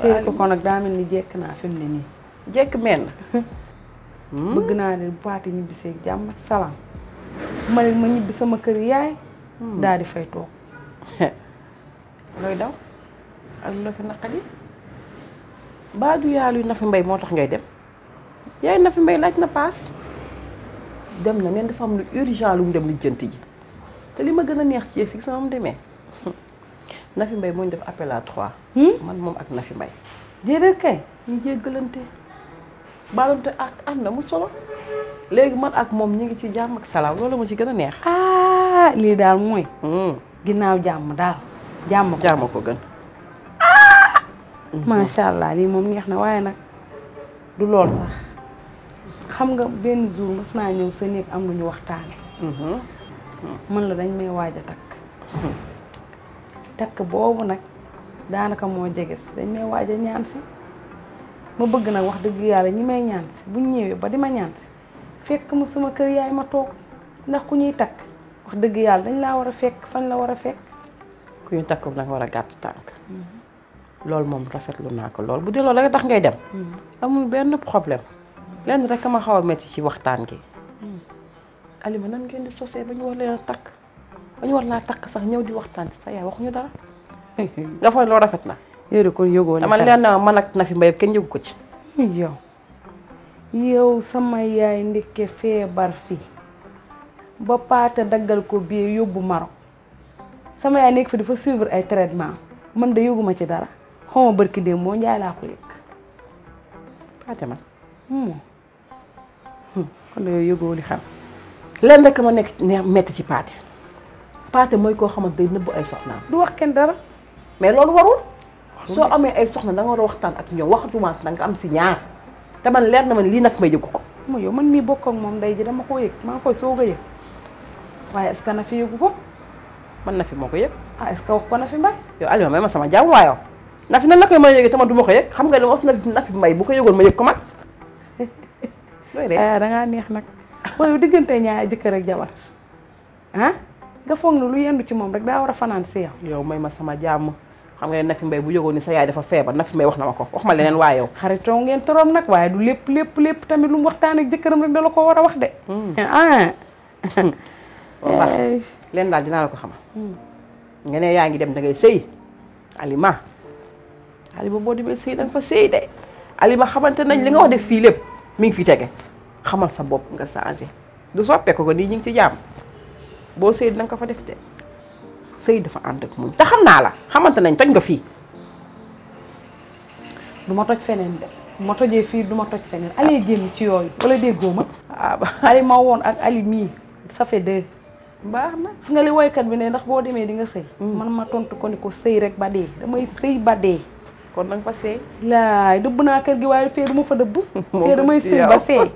séeréer ko ko nak daa mel ni jekk naa fi mu ne nii. jekk mel bëgg naa ni baati ñibbisee jàmm ak salaam. ma ne ma ñibbi sama kër yaay. Hmm. daal di fay toog. looy daw ak lu la fi naqari baadu yaalu Nafi Mbay moo tax ngay dem yaay Nafi Mbay laaj na paas dem na neen dafa am lu urgent lu mu dem lijjanti ji te li ma gën neex ci yëf yi sama mu Nafi mbay moo ñu def appel trois. Hmm? man moom ak Nafi Mbaye. déedéet kay ñu jéggalante baalante ak am na mu solo léegi man ak moom ñu ngi ci jàmm ak salaam loolu ma ci gën a neex. Ah, lii daal mooy. Hmm. ginnaaw jàmm daal. jàmm ko ko gën. Ah! macha allah lii moom neex na waaye nag du lool sax xam nga benn jour mas naa ñëw sa néeg am lu ñu waxtaane hmm. man la dañ may waaj a takk. takk boobu nag daanaka moo jege si dañ may waaj a ñaan si ma bëgg nag wax dëgg yàlla ñi may ñaan si buñ ñëwee ba di ma ñaan si fekk mu sama kër yaay ma toog ndax ku ñuy takk wax dëgg yàlla dañ laa war a fekk fan la war a fekk. ku ñu takk nag war a gàtt tànk. Mm-hmm. loolu moom rafetlu naa ko lool bu dee loolu rek tax ngay dem. Mm-hmm. amul benn problème. lenn rek ma xaw a métti ci waxtaan gi. Mm-hmm. Alima nan ngeen di sosee ba ñu war leen a takk. ba ñu war laa takk sax ñëw di waxtaan sa yaay waxuñu dara nga foog loolu rafet na. yooyu ko yëgoo na dama leen man ak Nafi Mbaye kenn ko ci. yow yow sama yaay ndekke feebar fii ba paata daggal ko bii yóbbu Maroc sama yaay nekk fi dafa suivre ay traitement man de yëguma ci dara xawma barki démb moo njaay laa ko yëg. paate man hmm. Hmm. kon de yow yëgoo li xam leen rek ma nekk metti ci paate. paate mooy koo xamante day nëbb ay soxnaam. du wax kenn dara. mais loolu warul. soo amee ay soxna da war a waxtaan ak ñoom waxatuma da nga am si ñaar te man leer na man lii nag may yëgu ko. ma man mii bokk moom ndey ji dama ko yëg maa koy soog a waaye est-ce na fi yëgu ko man na fi moo ko yëg ah est na fi mbay ma sama jàmm waayo na fi a yëgee du ma ko xam nga li was na na fi mbay bu ko yëgoon ma yëg ko man looy de ah, neex nag waaye diggante ñaar jëkkër ak jabar ah nga foog na lu yendu ci moom rek daa war a fanaan si yow may ma sama jàmm xam nga Nafi mbay bu yëgoon ni sa yaay dafa feebar Nafi Mbaye wax na ma ko wax ma leneen waa yow xaritoo ngeen toroom nag waaye du lépp lépp lépp tamit lu mu waxtaan ak jëkkëram rek da la war a wax de hmm. ah daal dinaa ko xamal hmm. ne yaa ngi dem da ngay sëy Alima Alima boo demee sëy da fa sëy de Alima xamante nañ li nga wax def fii lépp mi ngi fi tege xamal sa bopp nga changé du soppee ko nii ñu ngi ci jàmm boo sëy dina ko fa def de sëy dafa ànd ak muñ te xam naa la xamante nañ toj nga fii du ma toj feneen de bu ma tojee fii du ma toj feneen Aliou génn ci yooyu wala déggoo ma ah, Aliou ma woon ak Aliou mii ça fait baax na su nga li woykat bi ne ndax boo demee di nga sëy hmm. man ma tontu ko ni ko sëy rek ba dee damay sëy ba dee kon nag fa seey laay dëbb naa kër gi waaye fee du fa dëbb fee damay sëy ba seey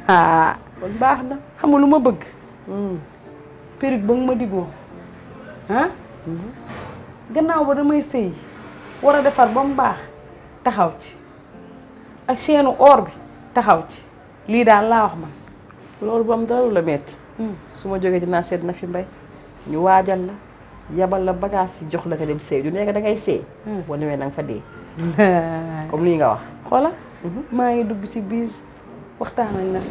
kon baax na xam nga lu ma bëgg hmm. perruque ba nga ma digoo ah gannaaw ba damay sëy war a defar ba mu baax taxaw ci ak seenu or bi taxaw ci lii daal laa wax man loolu ba mu metti hmm. su ma jógee dinaa seet na fi mbay ñu waajal la yabal la bagage yi jox la nga dem sëy du nekk da ngay sëy hmm. boo newee na nga fa nga wax xoola mhm. ngi dugg ci biir waxtaan ak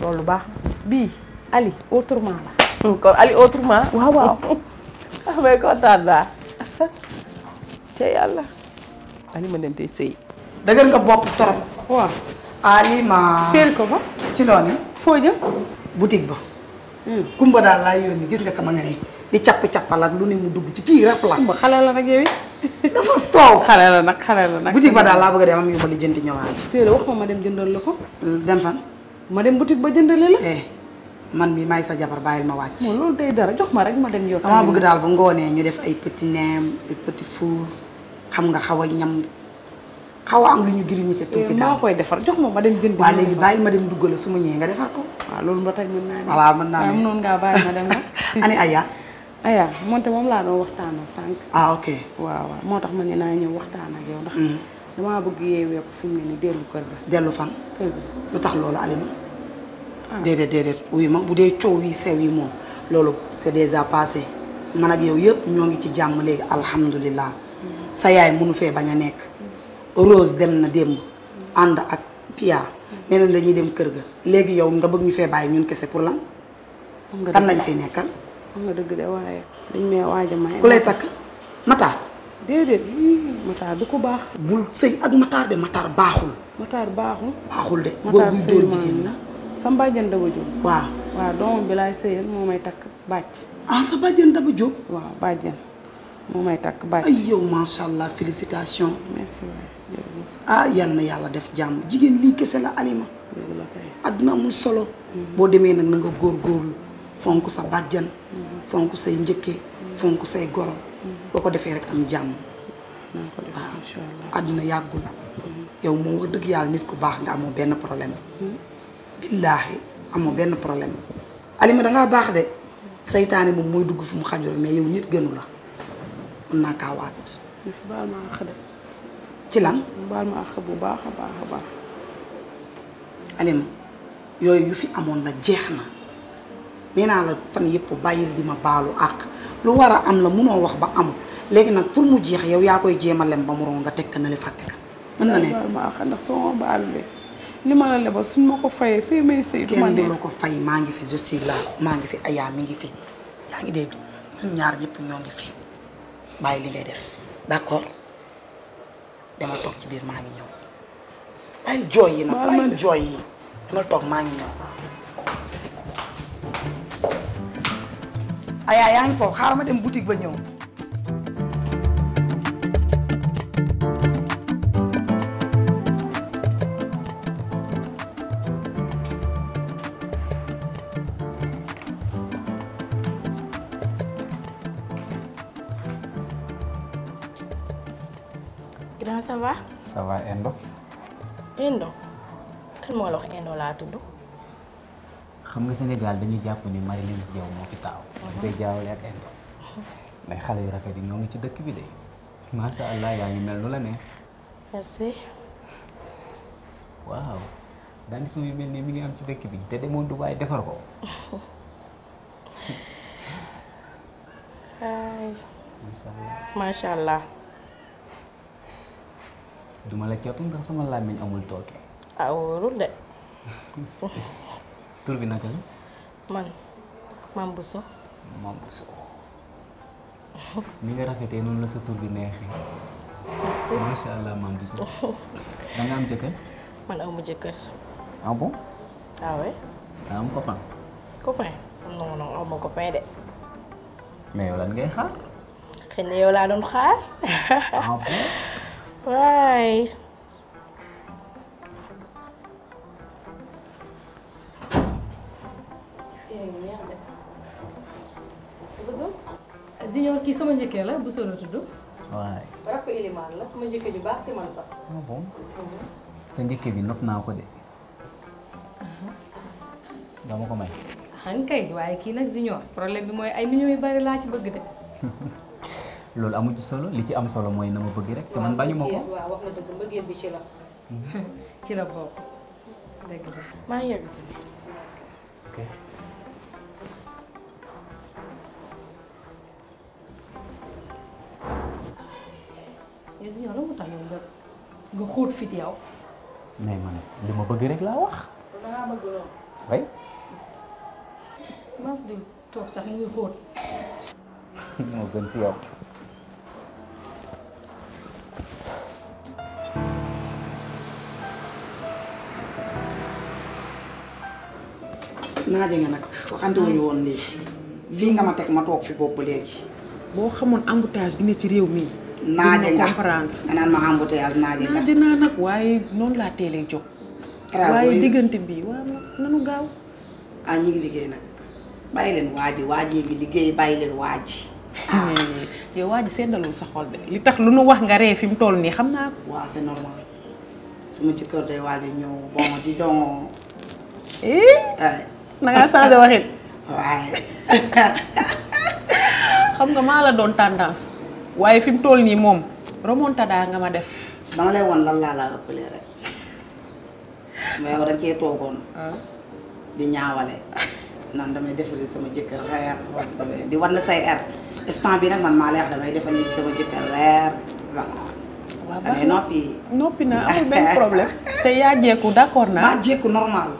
na baax bii Ali autrement la Kalau ali autrement wow wow, ah mais kontaan naa te lah, ali ma nen tey sëy dëgër nga bopp torop ali ma siapa? ko fa ci loo ne foo jëm boutique ba hmm. kumba daal laa yónni gis nga nga di capp-cappal ak lu ne mu dugg ci kii rap la kumba xale la nak yow dafa soow xale la nag xale la nag boutique ba daal laa bëgg a dem am yu ma li jënti ñëwaat téere wax ma dem jëndal dem fan ma dem boutique ba la eh man mi may sa jabar bayil ma wacc mo lol day dara jox ma rek ma dem yo dama bëgg dal bu ngone ñu def ay petit nem ay petit fou xam nga xawa a ñam xaw a am lu ñu griñité ci eh, dal ma koy defar jox ma ma dem jënd. wa léegi bayil ma dem duggal suma ma nga defar ko. wa lol ba tey mën naa wala voilà mën naa ne waaw noonu ngaa ma dem nga ani Aya. Aya moonte mom la do waxtana sank ah ok. wa wa moo tax ma ne na ñu waxtana ak yow ndax. Mm. dama bëgg yewé ko fu ñu ni delu kër ga. delu fan. kër ga lu tax Alima Ah. déedéet déedéet wuy ma bu dee coow yi sew yi moom loolu c'est déjà passé man ak yow yëpp ñoo ngi ci jàmm léegi alhamdulilah mm. sa yaay mënu fee bañ a nekk Rose dem na démb ànd ak Pia mm. nee lañuy dem kër ga léegi yow nga bëgg ñu fee bàyyi ñun kese pour lan kan lañ fi nekkal xam dëgg waaye dañ may waaj a may ku lay takk Matar du ko baax bul sëy ak Matar de Matar baaxul Matar baaxul baaxul de góor buy dóor jigéen la sama bàjjan Daba Diop. waaw waaw doomam bi laay sëyal moo may tak bàcc. ah sa bàjjan Daba Diop. waaw bàjjan moo may tak bàcc. ay yow macha allah félicitations. merci waay jërëjëf. ah yal na def jam jigen li kese la Alima. aduna amul solo. Mhm. bo demee nag na nga góorgóorlu fonk sa bàjjan. Mhm. fonk say njëkke mhm. fonk say goro. boo ko rek am jam waaw àdduna yàggul. yow moo wax dëgg yàlla nit ku baax nga amoo benn problème. billaahi amoo benn problème Alima dangaa baax de seytaane moom mooy dugg fu mu xajul mais yow nit gënu la mën naa kaa waat. baal ma àq bu baax baax baax. Alima yooyu yu fi amoon la jeex na nee naa la fan yëpp bàyyil di ma baalu àq lu war a am la munoo wax ba amul léegi nag pour mu jeex yow yaa koy jéem a ba mu ron nga tekk na li fàtte ka mën na ne. li ma la lebal suñ ma ko fayee fii may sëy du ma neex ko fay maa ngi fi je suis maa ngi fi ayaa mi ngi fi yaa ngi dégg ñun ñaar ñëpp ñoo ngi fi bàyyi li ngay def d'accord dama toog ci biir maa ngi ñëw bàyyi jooy yi nag bàyyi jooy yi dama toog maa ngi ñëw ayaa yaa ngi foofu xaaral ma dem boutique ba ñëw laa tudd. xam nga Sénégal dañu jàpp ni Marie Diaw moo fi taaw. dañ koy ak Inde. mais xale yu rafet ñoo ngi ci dëkk bi de macha allah yaa ngi mel lu la neex. merci. waaw daanaka yu mel mi ngi am ci dëkk bi te ko. allah. duma la ndax sama amul de tur tur bi man mambuso. Mambuso. ni nga rafetee noonu la tur allah mambuso. Bousso am jëkkër man aw ma jëkkër ah am copain copain non non aw ma kii sama njëkkee la bu solo tudd. waay. rakk Elimane la sama njëkkee ju baax si man sax. ah bon mhm. sa njëkkee bi nopp naa ko de. Mhm. dama ko may. xan waaye kii nag junior problème bi mooy ay millions yu bari laa ci bëgg de. loolu amu solo li ci am solo mooy na ma bëgg rek te man bañu ko. wax na bi ci la. Mhm. ci la bokk dëgg la maa ngi si. ok. nga xóot fit yow. mais man li ma bëgg rek laa wax. way maa ngi toog sax ñu ngi xóot. moo gën si yow. naaje nga nag waxante wuñu woon lii. fii nga ma teg ma toog fi bopp léegi. boo xamoon embouteillage bi ne ci réew mi. naaje nga nga naan ma embouteillage naaje nga dinaa nag waaye noonu laa teelee jóg waaye diggante bi waaw nanu gaaw ah ñi ngi liggéey nag bàyyi leen waaji waaji yi liggéey bàyyi leen waaji yow waaji seddalul sa xol de li tax lu nu wax nga ree fi mu toll nii xam naa ko waaw c'est normal sama ci kër day waaji ñëw bon di don eh? na ngaa changé waxin xam nga maa la doon tendance waye fim mu toll nii moom remontada nga ma def. ba nga lay won lan la la ëppalee rek mais yow da cee toogoon. Ah. di ñaawale. nan damay defal sama jëkkeer reer di wan say air instant bi nak man ma lay wax damay defal ni sama jëkkër reer waaw baax nopi nopi na amul ben problème te ya jékku d'accord na ma jékku normal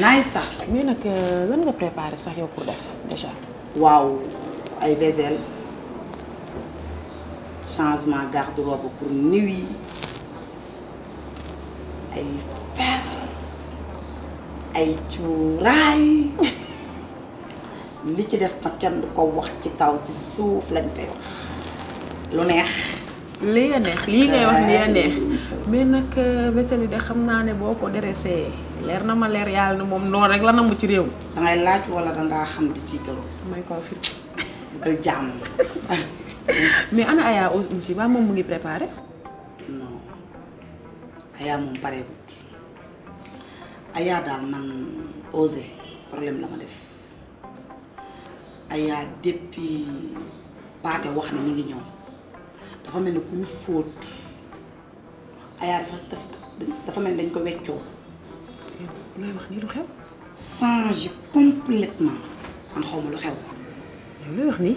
nay sax mais nak euh, lan nga préparer sax yow pour def déjà waaw ay vaisselle changement garde-robe pour niw yi ay fer ay cuuraay li ci def nag kenn du ko wax ci kaw ci suuf lañ koy wax lu neex li nga neex lii ngay wax li nga neex mais nag Wessely euh, de xam naa ne boo ko dressé leer na ma leer yàlla ne moom noonu rek la namu ci réew dangay laaj wala dangaa xam di ci tëru damay confirmer jàmm mais ana Aya aussi ba moom mu ngi préparé. non Aya moom pareegul Aya daal man osé problème la ma def Aya depuis Paate wax ne mi ngi ñëw dafa mel ni ku ñu fóot Aya dafa dafa mel ni dañ ko weccoo. looy wax nii lu xew. changé complètement man xaw ma lu xew. looy wax nii.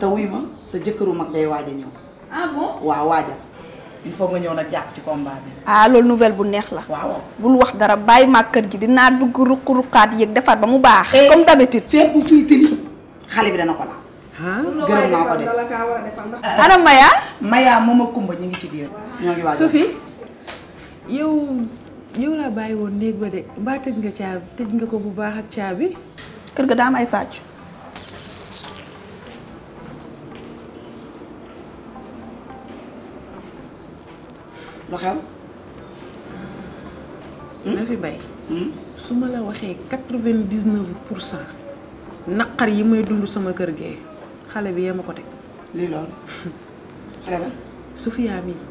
tawima sa jëkkëru mag day waaja ñëw ah bon waaw waajal il faut nga ñëw nag jàpp ci combat bi ah loolu nouvelle bu neex la waaw bul wax dara bàyyi ma kër gi dinaa dugg ruq ruqaat yëg defar ba mu baax eh, comme d'habitude fépp bu fii tili xale bi dana ko laal ah? gërëm naa ko de ana maya maya moom ak kumba ñu ngi ci biir ñoo ngi waajal Sophie yow yow laa bàyyi woon néeg ba de mbaa tëj nga caabi tëj nga ko bu baax ak caabi kër ga daa ay sàcc lu xew. Hmm? Hmm? na fi bay. Hmm? su ma la waxee quatre-vingt-dix-neuf pour cent naqar yi may dund sama kër gee xale bi yee ma ko teg. lii loolu mii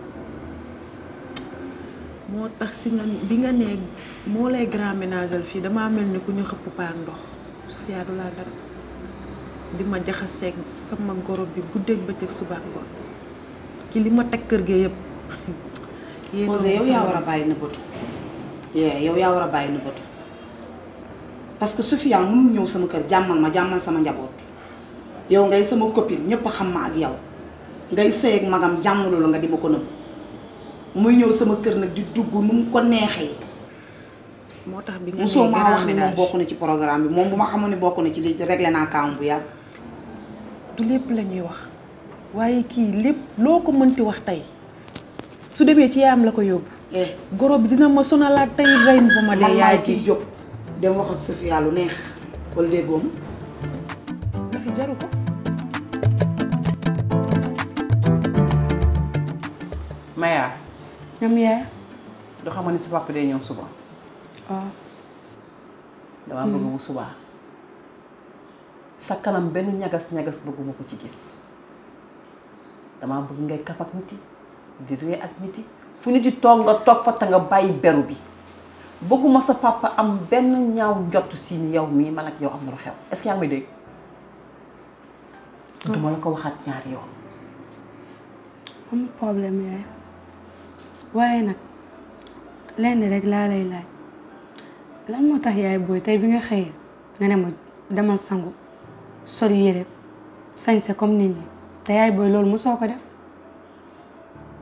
moo tax si nga bi nga nee moo lay grand ménageal fii damaa mel ni ku ñu xëpp paan ndox Sofia du laa dara di ma jaxaseeg sama goro bi guddeeg bëccëg suba ak ngoon ki li ma teg kër gee yëpp. Mose yow ya wara bayina botu. nëbbatu yow ya wara bayina botu. parce que Sofia mënul ñew sama kër jammal ma jammal sama njabot. yow ngay sama copine ñepp xam ma ak yow ngay sey ak magam jammulul nga di mako neub. nëbb muy ñëw sama kër nak di dugg nu mu ko neexee Motax bi nga musoo maa wax ni mom bokku na ci programme bi mom buma xamone bokku na ci li réglé na kaam bu yàgg du lepp lañuy wax waye ki lepp loko mënti wax tay su demee ci yaayam la ko yóbbu. Eh. goro bi dina ma sonalaat tey rey ba ma dee. yaay dem wax ak Sofia lu neex wala déggoo ma. dafa jaru ko. Maya. ñoom yaay. doo ne su papa dee ñëw suba. waaw. Ah. damaa bëgg bu subaa. sa kanam benn ñagas ñagas bëgguma ko ci gis. damaa bëgg ngay kaf nit yi di ree ak nit yi fu nit yi toog nga toog fa te nga bàyyi beru bi bëgguma sa papa am benn ñaaw njottu si yow mii man ak yow am na lu xew est-ce que yaa ngi may mm. la ko waxaat ñaari yoon. am problème yaay waaye nag lenn rek laa lay laaj lan moo tax yaay booy tey bi nga xëyee nga ne ma demal sangu sol yére sañse comme nit ñi te yaay booy loolu mosoo ko def.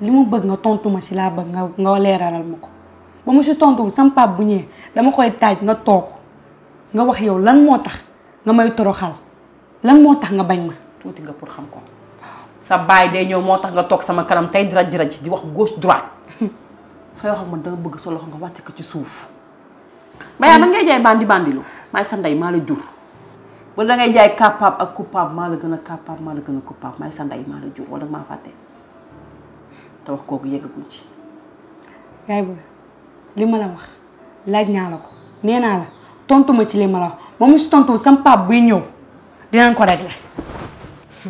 limu bëgg nga tontu ma ci la bëgg nga nga leeralal mako ba mu ci tontu sam pa bu ñëwee dama koy taaj nga tok nga wax yow lan moo tax nga may toroxal lan moo tax nga bañ ma tuti nga pour xam ko sa bay day ñëw moo tax nga tok sama kanam tey raj raj di wax gauche droite so wax ma da bëgg so loxo nga wacc ko ci suuf Maya man ngay jay bandi lu maay sa nday ma la jur wala ngay jay capable ak coupable ma la gëna capable ma la gëna coupable maay sa nday ma la jur wala ma faté te wax kooku yëggagul ci. yaay li ma la wax laaj naa la ko nee naa la tontu ci li ma la wax moom si tontu sam buy ñëw dinañ ko régler.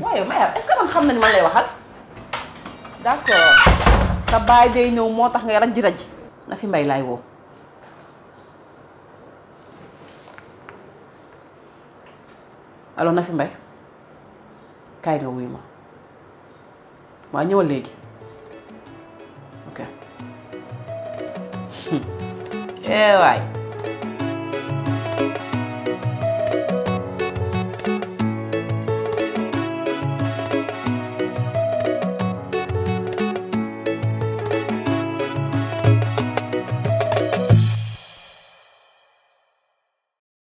waaye Mayab est-ce que man xam na ni man lay waxal d'accord sa baay day ñëw moo tax ngay rajji rajji na fi mbay laay woo. allo Nafi Mbaye kaay nga wuy ma ñëwal léegi É, vai.